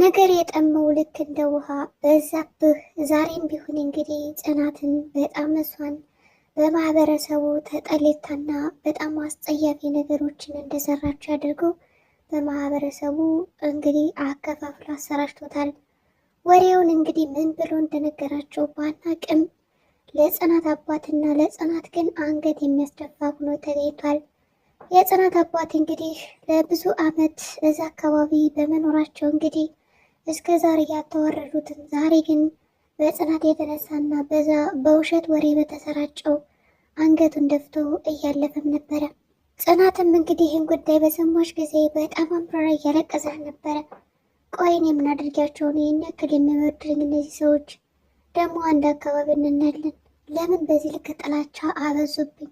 ነገር የጠመው ልክ እንደ ውሃ በዛብህ። ዛሬም ቢሆን እንግዲህ ጽናትን በጣም እሷን በማህበረሰቡ ተጠሌታና በጣም አስጸያፊ ነገሮችን እንደሰራች አድርገው በማህበረሰቡ እንግዲህ አከፋፍሎ አሰራጭቶታል። ወሬውን እንግዲህ ምን ብሎ እንደነገራቸው ባናቅም ለጽናት አባትና ለጽናት ግን አንገት የሚያስደፋ ሆኖ ተገኝቷል። የጽናት አባት እንግዲህ ለብዙ ዓመት እዛ አካባቢ በመኖራቸው እንግዲህ እስከ ዛሬ ያተወረዱትን ዛሬ ግን በጽናት የተነሳና በዛ በውሸት ወሬ በተሰራጨው አንገቱን ደፍቶ እያለፈም ነበረ። ጽናትም እንግዲህ ይህን ጉዳይ በሰማች ጊዜ በጣም አምራራ እያለቀሰ ነበረ። ቆይን የምናደርጋቸውን ይህን ያክል የሚወድርኝ እነዚህ ሰዎች ደግሞ አንድ አካባቢ እንናለን። ለምን በዚህ ልክ ጥላቻ አበዙብኝ?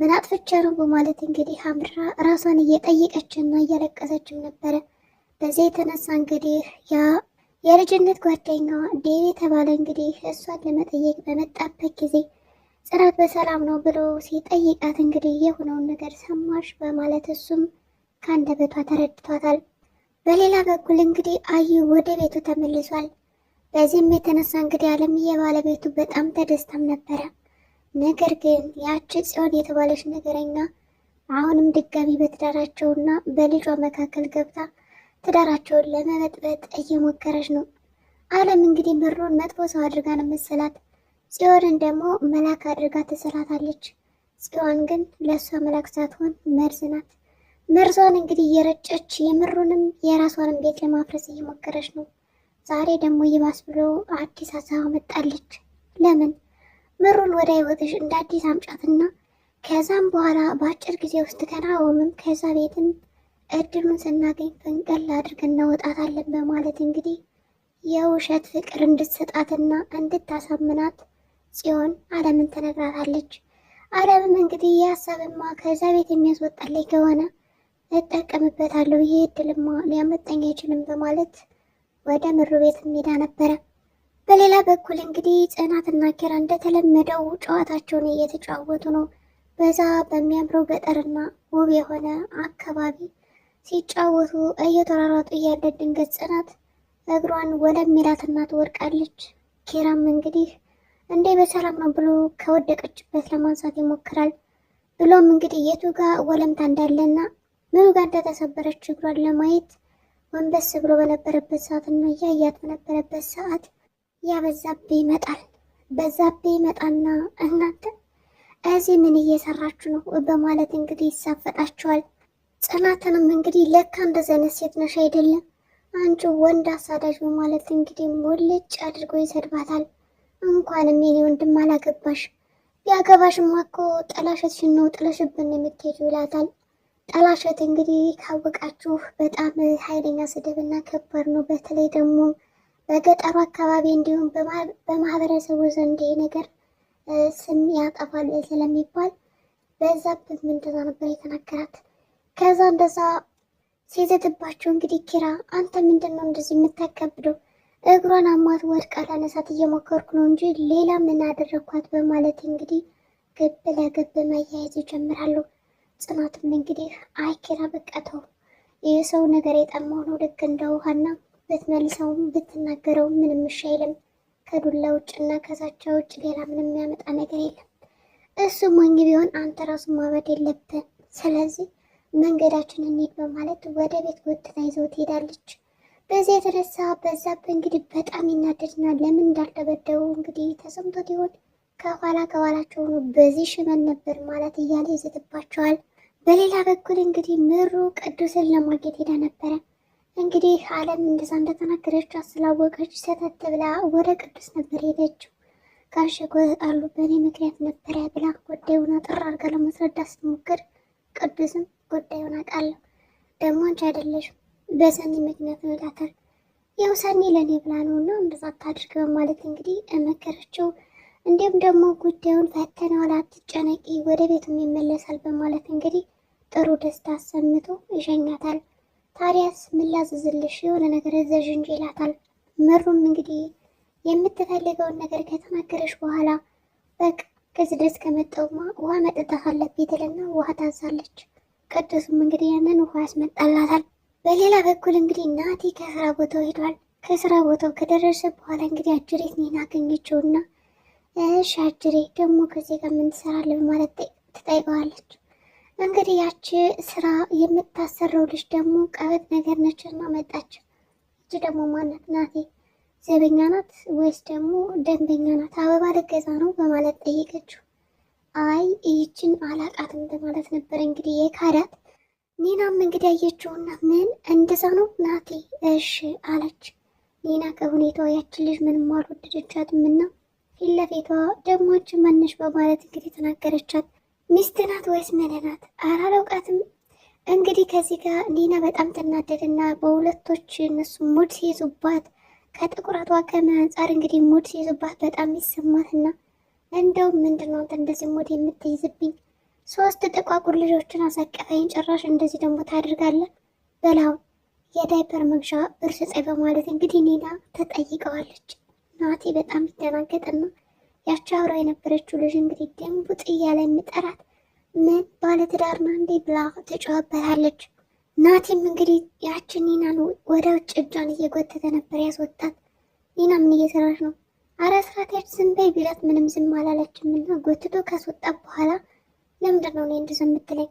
ምን አጥፍቼ ነው በማለት እንግዲህ አምራራ ራሷን እየጠየቀችና እያለቀሰችም ነበረ። በዚህ የተነሳ እንግዲህ ያ የልጅነት ጓደኛዋ ዴቭ የተባለ እንግዲህ እሷን ለመጠየቅ በመጣበት ጊዜ ጽናት በሰላም ነው ብሎ ሲጠይቃት እንግዲህ የሆነውን ነገር ሰማሽ በማለት እሱም ከአንደበቷ ተረድቷታል። በሌላ በኩል እንግዲህ አዩ ወደ ቤቱ ተመልሷል። በዚህም የተነሳ እንግዲህ አለምዬ ባለቤቱ በጣም ተደስታም ነበረ። ነገር ግን ያቺ ጽዮን የተባለች ነገረኛ አሁንም ድጋሚ በትዳራቸውና በልጇ መካከል ገብታ ትዳራቸውን ለመበጥበጥ እየሞከረች ነው። አለም እንግዲህ ምሩን መጥፎ ሰው አድርጋ ነው መሰላት። ጽዮንን ደግሞ መላክ አድርጋ ትስላታለች። ጽዮን ግን ለእሷ መላክ ሳትሆን መርዝ ናት። መርዟን እንግዲህ እየረጨች የምሩንም የራሷንም ቤት ለማፍረስ እየሞከረች ነው። ዛሬ ደግሞ ይባስ ብሎ አዲስ ሀሳብ መጣለች። ለምን ምሩን ወደ ህይወትሽ እንደ አዲስ አምጫትና ከዛም በኋላ በአጭር ጊዜ ውስጥ ከናወምም ከዛ ቤትም እድሉን ስናገኝ ፈንቀል አድርገን እናወጣታለን በማለት እንግዲህ የውሸት ፍቅር እንድትሰጣትና እንድታሳምናት ጽዮን አለምን ትነግራታለች። አለምም እንግዲህ የሀሳብማ ከዛ ቤት የሚያስወጣልኝ ከሆነ እጠቀምበታለሁ ይህ እድልማ ሊያመጣኝ አይችልም በማለት ወደ ምሩ ቤት ሜዳ ነበረ። በሌላ በኩል እንግዲህ ጽናትና ኪራ እንደተለመደው ጨዋታቸውን እየተጫወቱ ነው። በዛ በሚያምረው ገጠርና ውብ የሆነ አካባቢ ሲጫወቱ እየተሯሯጡ እያለ ድንገት ጽናት እግሯን ወደሚላትና ትወድቃለች። ኪራም እንግዲህ እንዴ በሰላም ነው ብሎ ከወደቀችበት ለማንሳት ይሞክራል። ብሎም እንግዲህ የቱ ጋ ወለምታ እንዳለና ምኑ ጋር እንደተሰበረች እግሯን ለማየት ወንበስ ብሎ በነበረበት ሰዓት እያያት በነበረበት ሰዓት ያበዛብ ይመጣል። በዛብ ይመጣና እናንተ እዚህ ምን እየሰራችሁ ነው በማለት እንግዲህ ይሳፈጣቸዋል። ጽናትንም እንግዲህ ለካ እንደዚህ አይነት ሴት ነሽ አይደለም አንቺ ወንድ አሳዳጅ በማለት እንግዲህ ሙልጭ አድርጎ ይሰድባታል። እንኳንም የኔ ወንድም አላገባሽ ቢያገባሽማ እኮ ጠላሸትሽን ነው ጥለሽብን የምትሄጂው ይላታል። ጠላሸት እንግዲህ ካወቃችሁ በጣም ኃይለኛ ስድብና ከባድ ነው። በተለይ ደግሞ በገጠሩ አካባቢ እንዲሁም በማህበረሰቡ ዘንድ ይሄ ነገር ስም ያጠፋል ስለሚባል በዛብህ ምንድን ነበር የተናገራት? ከዛ እንደዛ ሲዘትባቸው እንግዲህ ኪራ አንተ ምንድን ነው እንደዚህ የምታከብደው? እግሯን አማት ወድቃ ላነሳት እየሞከርኩ ነው እንጂ ሌላ ምን አደረግኳት? በማለት እንግዲህ ግብ ለግብ መያየዝ ይጀምራሉ። ጽናትም እንግዲህ አይ ኪራ በቀተው የሰው ነገር የጠማው ነው ልክ እንደ ውሃና ብትመልሰውም ብትናገረው ምንም እሺ አይልም። ከዱላ ውጭና ከዛቻ ውጭ ሌላ ምንም የሚያመጣ ነገር የለም። እሱ ሞኝ ቢሆን አንተ ራሱ ማበድ የለብን ስለዚህ መንገዳችን እንሂድ በማለት ወደ ቤት ጎትታ ይዘው ትሄዳለች። በዚህ የተነሳ በዛብህ እንግዲህ በጣም ይናደድና ለምን እንዳልደበደቡ እንግዲህ ተሰምቶት ይሆን ከኋላ ከኋላቸው ሆኖ በዚህ ሽመን ነበር ማለት እያለ ይዘትባቸዋል። በሌላ በኩል እንግዲህ ምሩ ቅዱስን ለማግኘት ሄዳ ነበረ። እንግዲህ አለም እንደዛ እንደተናገረች ስላወቀች ሰተት ብላ ወደ ቅዱስ ነበር ሄደችው። ጋሽ አሉ በእኔ ምክንያት ነበረ ብላ ጉዳዩን አጠር አድርጋ ለማስረዳት ስትሞክር ቅዱስም ጉዳዩን አውቃለሁ። ደግሞ አንቺ አይደለሽም በሰኒ ምክንያት ነው ይላታል። ያው ሰኒ ለእኔ ብላ ነው እና እንደዛ አታድርግ በማለት እንግዲህ መከረችው። እንዲሁም ደግሞ ጉዳዩን ፈተናዋል፣ አትጨነቂ ወደ ቤቱም ይመለሳል በማለት እንግዲህ ጥሩ ደስታ አሰምቶ ይሸኛታል። ታዲያስ ምን ላዝዝልሽ የሆነ ነገር እዘዥ እንጂ ይላታል። ምሩም እንግዲህ የምትፈልገውን ነገር ከተናገረች በኋላ በቃ ከዚህ ድረስ ከመጣሁማ ውሃ መጠጣት አለብኝ ትልና ውሃ ታዛለች። ቅዱስም እንግዲህ ያንን ውሃ ያስመጣላታል። በሌላ በኩል እንግዲህ ናቲ ከስራ ቦታው ሄዷል። ከስራ ቦታው ከደረሰ በኋላ እንግዲህ አጅሬ እኔን አገኘችውና እሺ አጅሬ ደግሞ ከዚህ ጋር ምን ትሰራለህ በማለት ትጠይቀዋለች። እንግዲህ ያቺ ስራ የምታሰረው ልጅ ደግሞ ቀበጥ ነገር ነች ነችና መጣች። እጅ ደግሞ ማናት ናቴ ዘበኛ ናት ወይስ ደግሞ ደንበኛ ናት? አበባ ልገዛ ነው በማለት ጠየቀችው። አይ ይህችን አላቃት እንደማለት ነበር እንግዲህ የካዳት። ኒናም እንግዲህ አየችውና ምን እንደዛ ነው ናቲ እሺ አለች። ኒና ከሁኔታዋ ያችን ልጅ ምንም አልወደደቻትም እና ፊት ለፊቷ ደግሞች መነሽ በማለት እንግዲህ ተናገረቻት። ሚስት ናት ወይስ ምን ናት? ኧረ አላውቃትም። እንግዲህ ከዚህ ጋር ኒና በጣም ትናደድና በሁለቶች እነሱ ሙድ ሲይዙባት ከጥቁረቷ ከምን አንጻር እንግዲህ ሙድ ሲይዙባት በጣም ይሰማትና እንደው ምንድነው እንደዚህ ሞት የምትይዝብኝ? ሶስት ጥቋቁር ልጆችን አሳቀፈኝ። ጭራሽ እንደዚህ ደግሞ ታደርጋለህ? በላው የዳይፐር መግዣ ብር ስጠኝ በማለት እንግዲህ ኒና ተጠይቀዋለች። ናቲ በጣም ይደናገጥና ያቺ አብራ የነበረችው ልጅ እንግዲህ ደንቡጥ እያለ የሚጠራት ምን ባለትዳርና እንዴ ብላ ትጮህበታለች። ናቲም እንግዲህ ያችን ኒናን ወደ ውጭ እጇን እየጎተተ ነበር ያስወጣት። ኒና ምን እየሰራች ነው? አረ ስራቴች ዝም በይ ቢላት ምንም ዝም አላለችም እና ጎትቶ ካስወጣ በኋላ ለምንድን ነው እኔ እንደዚያ የምትለኝ?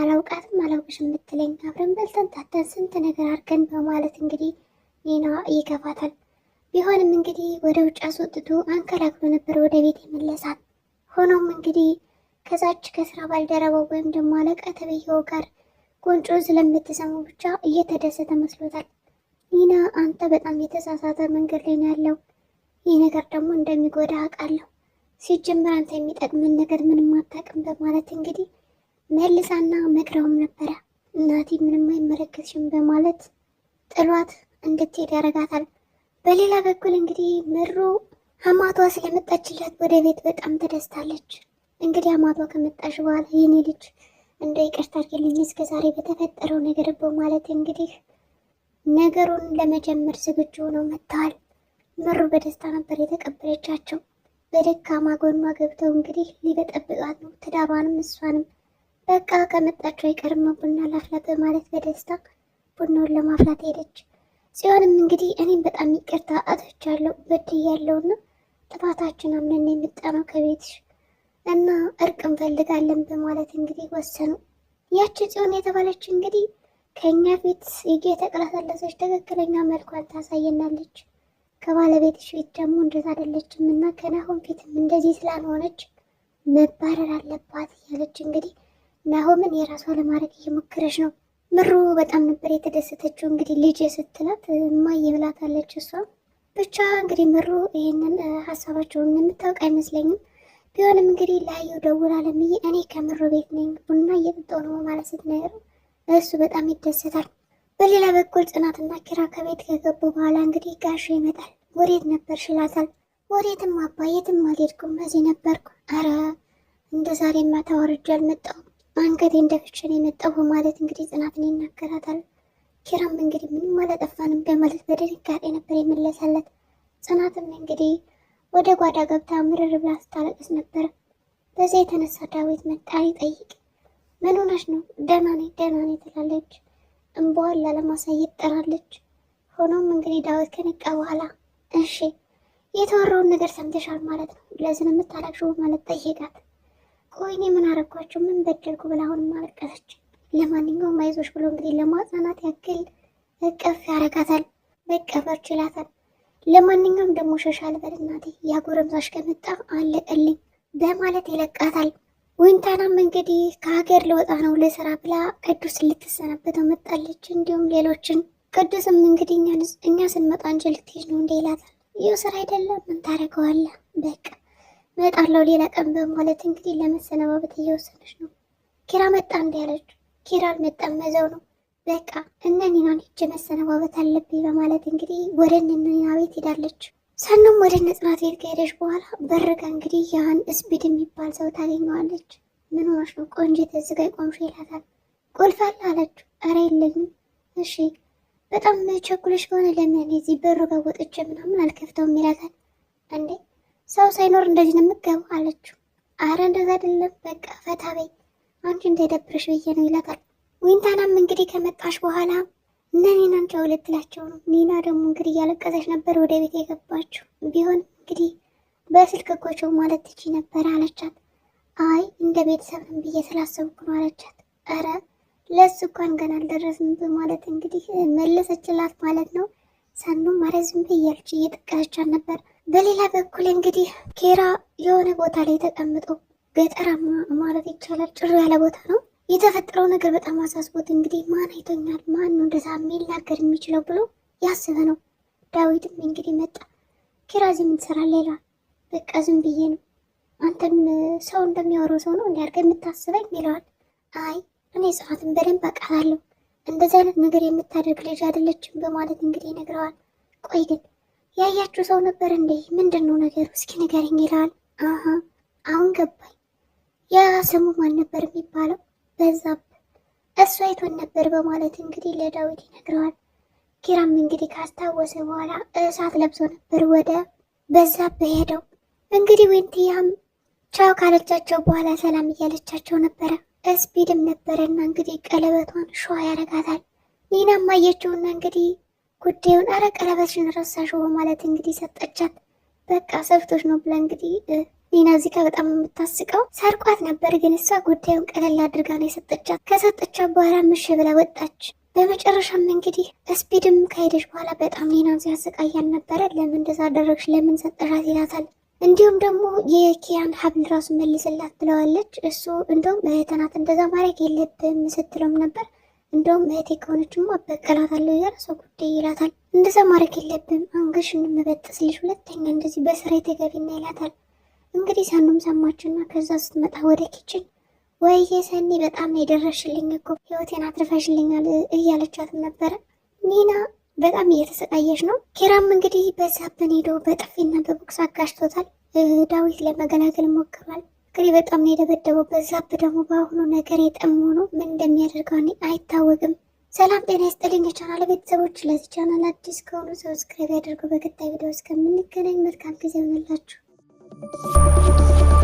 አላውቃትም አላውቅሽ የምትለኝ አብረን በልተን ታተን ስንት ነገር አድርገን በማለት እንግዲህ ኔና ይገባታል። ቢሆንም እንግዲህ ወደ ውጭ አስወጥቶ አንከላክሎ ነበር ወደ ቤት የመለሳት። ሆኖም እንግዲህ ከዛች ከስራ ባልደረባው ወይም ደግሞ አለቃ ተብዬው ጋር ጎንጮ ስለምትሰሙ ብቻ እየተደሰተ መስሎታል። ኒና አንተ በጣም የተሳሳተ መንገድ ላይ ነው ያለው ይህ ነገር ደግሞ እንደሚጎዳ አውቃለሁ። ሲጀምር አንተ የሚጠቅምን ነገር ምንም አታውቅም በማለት እንግዲህ መልሳና መክረውም ነበረ። እናቴ ምንም አይመለከትሽም በማለት ጥሏት እንድትሄድ ያደርጋታል። በሌላ በኩል እንግዲህ ምሩ አማቷ ስለመጣችላት ወደ ቤት በጣም ተደስታለች። እንግዲህ አማቷ ከመጣሽ በኋላ የኔ ልጅ እንደ ይቅርታ አድርግልኝ እስከ ዛሬ በተፈጠረው ነገር በማለት እንግዲህ ነገሩን ለመጀመር ዝግጁ ሆነው መጥተዋል። መሩ በደስታ ነበር የተቀበለቻቸው። በደካማ ጎኗ ገብተው እንግዲህ ሊበጠብጧት ነው ትዳሯንም እሷንም። በቃ ከመጣቸው አይቀርም ቡና ላፍላት በማለት በደስታ ቡናውን ለማፍላት ሄደች። ጽዮንም እንግዲህ እኔም በጣም ይቅርታ አጥፍቻለሁ በድያለሁና ጥፋታችን አምነን የመጣነው ከቤትሽ እና እርቅ እንፈልጋለን በማለት እንግዲህ ወሰኑ። ያቺ ጽዮን የተባለች እንግዲህ ከእኛ ፊት ይጌ የተቀለሰለሰች ትክክለኛ መልኳን ታሳየናለች። ከባለቤትሽ ፊት ደግሞ እንደዛ አይደለችም እና ከናሆም ፊትም እንደዚህ ስላልሆነች መባረር አለባት እያለች እንግዲህ ናሆምን የራሷ ለማድረግ እየሞከረች ነው። ምሩ በጣም ነበር የተደሰተችው። እንግዲህ ልጅ ስትላት እማዬ ብላታለች። እሷ ብቻ እንግዲህ ምሩ ይህንን ሀሳባቸውን የምታውቅ አይመስለኝም። ቢሆንም እንግዲህ ላዩ ደውል አለምዬ እኔ ከምሩ ቤት ነኝ ቡና እየጠጣሁ ነው ማለት ስትነግረው እሱ በጣም ይደሰታል። በሌላ በኩል ጽናትና ኪራ ከቤት ከገቡ በኋላ እንግዲህ ጋሽ ይመጣል። ወዴት ነበርሽ ይላታል። ወዴትም አባ የትም አልሄድኩም እዚህ ነበርኩ። አረ እንደ ዛሬማ ተዋርጄ አልመጣሁም አንገቴ እንደፍቼ ነው የመጣሁ በማለት እንግዲህ ጽናትን ይናገራታል። ኪራም እንግዲህ ምንም አላጠፋንም በማለት በድንጋጤ ነበር የመለሳለት። ጽናትም እንግዲህ ወደ ጓዳ ገብታ ምርር ብላ ስታለቅስ ነበር። በዚያ የተነሳ ዳዊት መጣ ይጠይቅ ምን ሆነሽ ነው? ደህና ነኝ ደህና ነኝ ትላለች። እንባዋን ላለማሳየት ጥራለች። ሆኖም እንግዲህ ዳዊት ከነቃ በኋላ እሺ የተወራውን ነገር ሰምተሻል ማለት ነው፣ ለዝን የምታለቅሽው ማለት ጠይቃት። ቆይ ምን አረኳቸው ምን በደልኩ ብላ አሁንም አለቀሰች። ለማንኛውም አይዞሽ ብሎ እንግዲህ ለማጽናናት ያክል እቅፍ ያረጋታል፣ መቀበር ይላታል። ለማንኛውም ደግሞ ሸሻል በል እናቴ፣ ያ ከመጣ አለቀልኝ በማለት ይለቃታል። ወይንታናም እንግዲህ ከሀገር ልወጣ ነው ለስራ ብላ ቅዱስ ልትሰናበተው መጣለች። እንዲሁም ሌሎችን ቅዱስም እንግዲህ እኛ ስንመጣ እንጂ ልትሄድ ነው እንደ ይላታል። ይኸው ስራ አይደለም ምን ታደርገዋለህ፣ በቃ እመጣለሁ ሌላ ቀን በማለት እንግዲህ ለመሰነባበት እየወሰነች ነው። ኪራ መጣ እንዳለች ኪራ አልመጣም መዘው ነው በቃ እነኒናን ኒናን ሂጅ መሰነባበት አለብኝ በማለት እንግዲህ ወደ እነ ቤት ሄዳለች። ሰኑም ወደ ነጽናት ቤት ከሄደች በኋላ በርጋ እንግዲህ ያህን እስቢድ የሚባል ሰው ታገኘዋለች። ምን ሆነሽ ነው ቆንጂት እዚህ ጋ ቆምሽ ይላታል። ቁልፍ አለ አለችው። ኧረ የለኝም። እሺ በጣም መቸኩለሽ ከሆነ ለምን ዚህ በሩ ጋ ወጥቼ ምናምን አልከፍተውም ይላታል። እንዴ ሰው ሳይኖር እንደዚህ ነው የምትገባው አለችው። አረ እንደዛ አይደለም በቃ ፈታ በይ አንቺ እንዳይደብርሽ ብዬ ነው ይላታል። ዊንታናም እንግዲህ ከመጣሽ በኋላ ለኔናን ጨው ልትላቸው ነው። ኒና ደግሞ እንግዲህ እያለቀሰች ነበር ወደ ቤት የገባችው። ቢሆን እንግዲህ በስልክ እኮ ማለት ትቺ ነበር አለቻት። አይ እንደ ቤተሰብን ብዬ ስላሰብኩ ነው አለቻት። ኧረ ለሱ እንኳን ገና አልደረስም በማለት እንግዲህ መለሰችላት ማለት ነው። ሰኑ ማረዝም ዝም በይ እያለች እየጠቀሰቻት ነበር። በሌላ በኩል እንግዲህ ኬራ የሆነ ቦታ ላይ ተቀምጦ ገጠራማ ማለት ይቻላል ጭር ያለ ቦታ ነው የተፈጠረው ነገር በጣም አሳስቦት እንግዲህ ማን አይቶኛል፣ ማን ነው እንደዛ የሚናገር የሚችለው ብሎ ያስበ ነው። ዳዊትም እንግዲህ መጣ። ኪራዚ ምን ሌላ በቃ ዝም ብዬ ነው አንተም ሰው እንደሚያወራው ሰው ነው እንዲያርገ የምታስበኝ ይለዋል። አይ እኔ ጽናትን በደንብ አቃላለሁ እንደዚህ አይነት ነገር የምታደርግ ልጅ አይደለችም በማለት እንግዲህ ይነግረዋል። ቆይ ግን ያያችሁ ሰው ነበር እንዴ? ምንድን ነው ነገሩ? እስኪ ንገረኝ ይለዋል። አሁን ገባኝ። ያ ስሙ ማን ነበር የሚባለው? በዛብህ እሱ አይቶን ነበር በማለት እንግዲህ ለዳዊት ይነግረዋል። ኪራም እንግዲህ ካስታወሰ በኋላ እሳት ለብሶ ነበር ወደ በዛብህ ሄደው። እንግዲህ ዊንቲያም ቻው ካለቻቸው በኋላ ሰላም እያለቻቸው ነበረ። እስፒድም ነበረና እንግዲህ ቀለበቷን ሸዋ ያረጋታል። ኒናም አየችውና እንግዲህ ጉዳዩን አረ ቀለበትሽን ረሳሽው በማለት እንግዲህ ሰጠቻት። በቃ ሰፍቶች ነው ብላ እንግዲህ ሊና እዚህ ጋር በጣም የምታስቀው ሰርቋት ነበር፣ ግን እሷ ጉዳዩን ቀለል አድርጋ ነው የሰጠቻት። ከሰጠቻት በኋላ ምሽ ብላ ወጣች። በመጨረሻም እንግዲህ ስፒድም ከሄደች በኋላ በጣም ሊናን ሲያሰቃያን ነበረ። ለምን እንደዛ አደረግሽ? ለምን ሰጠሻት? ይላታል። እንዲሁም ደግሞ የኪያን ሀብል ራሱ መልስላት ብለዋለች። እሱ እንደውም እህተናት እንደዛ ማድረግ የለብህም ስትለውም ነበር። እንደውም እህቴ ከሆነችማ እበቀላታለሁ እያለ ሰው ጉዳይ ይላታል። እንደዛ ማድረግ የለብም አንገሽ እንመበጥስልሽ ሁለተኛ እንደዚህ በስራ የተገቢና ይላታል። እንግዲህ ሰኑም ሰማችና ከዛ ስትመጣ ወደ ኪችን ወይዬ ሰኒ በጣም የደረሽልኝ እኮ ህይወቴን አትርፈሽልኛል እያለቻትም ነበረ። ኒና በጣም እየተሰቃየች ነው። ኬራም እንግዲህ በዛብን ሄዶ በጥፊና በቦክስ አጋጭቶታል። ዳዊት ለመገላገል ሞክሯል። እንግዲህ በጣም ነው የደበደበው። በዛብ ደግሞ በአሁኑ ነገር የጠም ሆኖ ምን እንደሚያደርገው አይታወቅም። ሰላም ጤና ይስጥልኝ የቻናል ቤተሰቦች፣ ለዚህ ቻናል አዲስ ከሆኑ ሰብስክራይብ ያደርጉ። በቀጣይ ቪዲዮ እስከምንገናኝ መልካም ጊዜ ይሆንላችሁ። Thank you.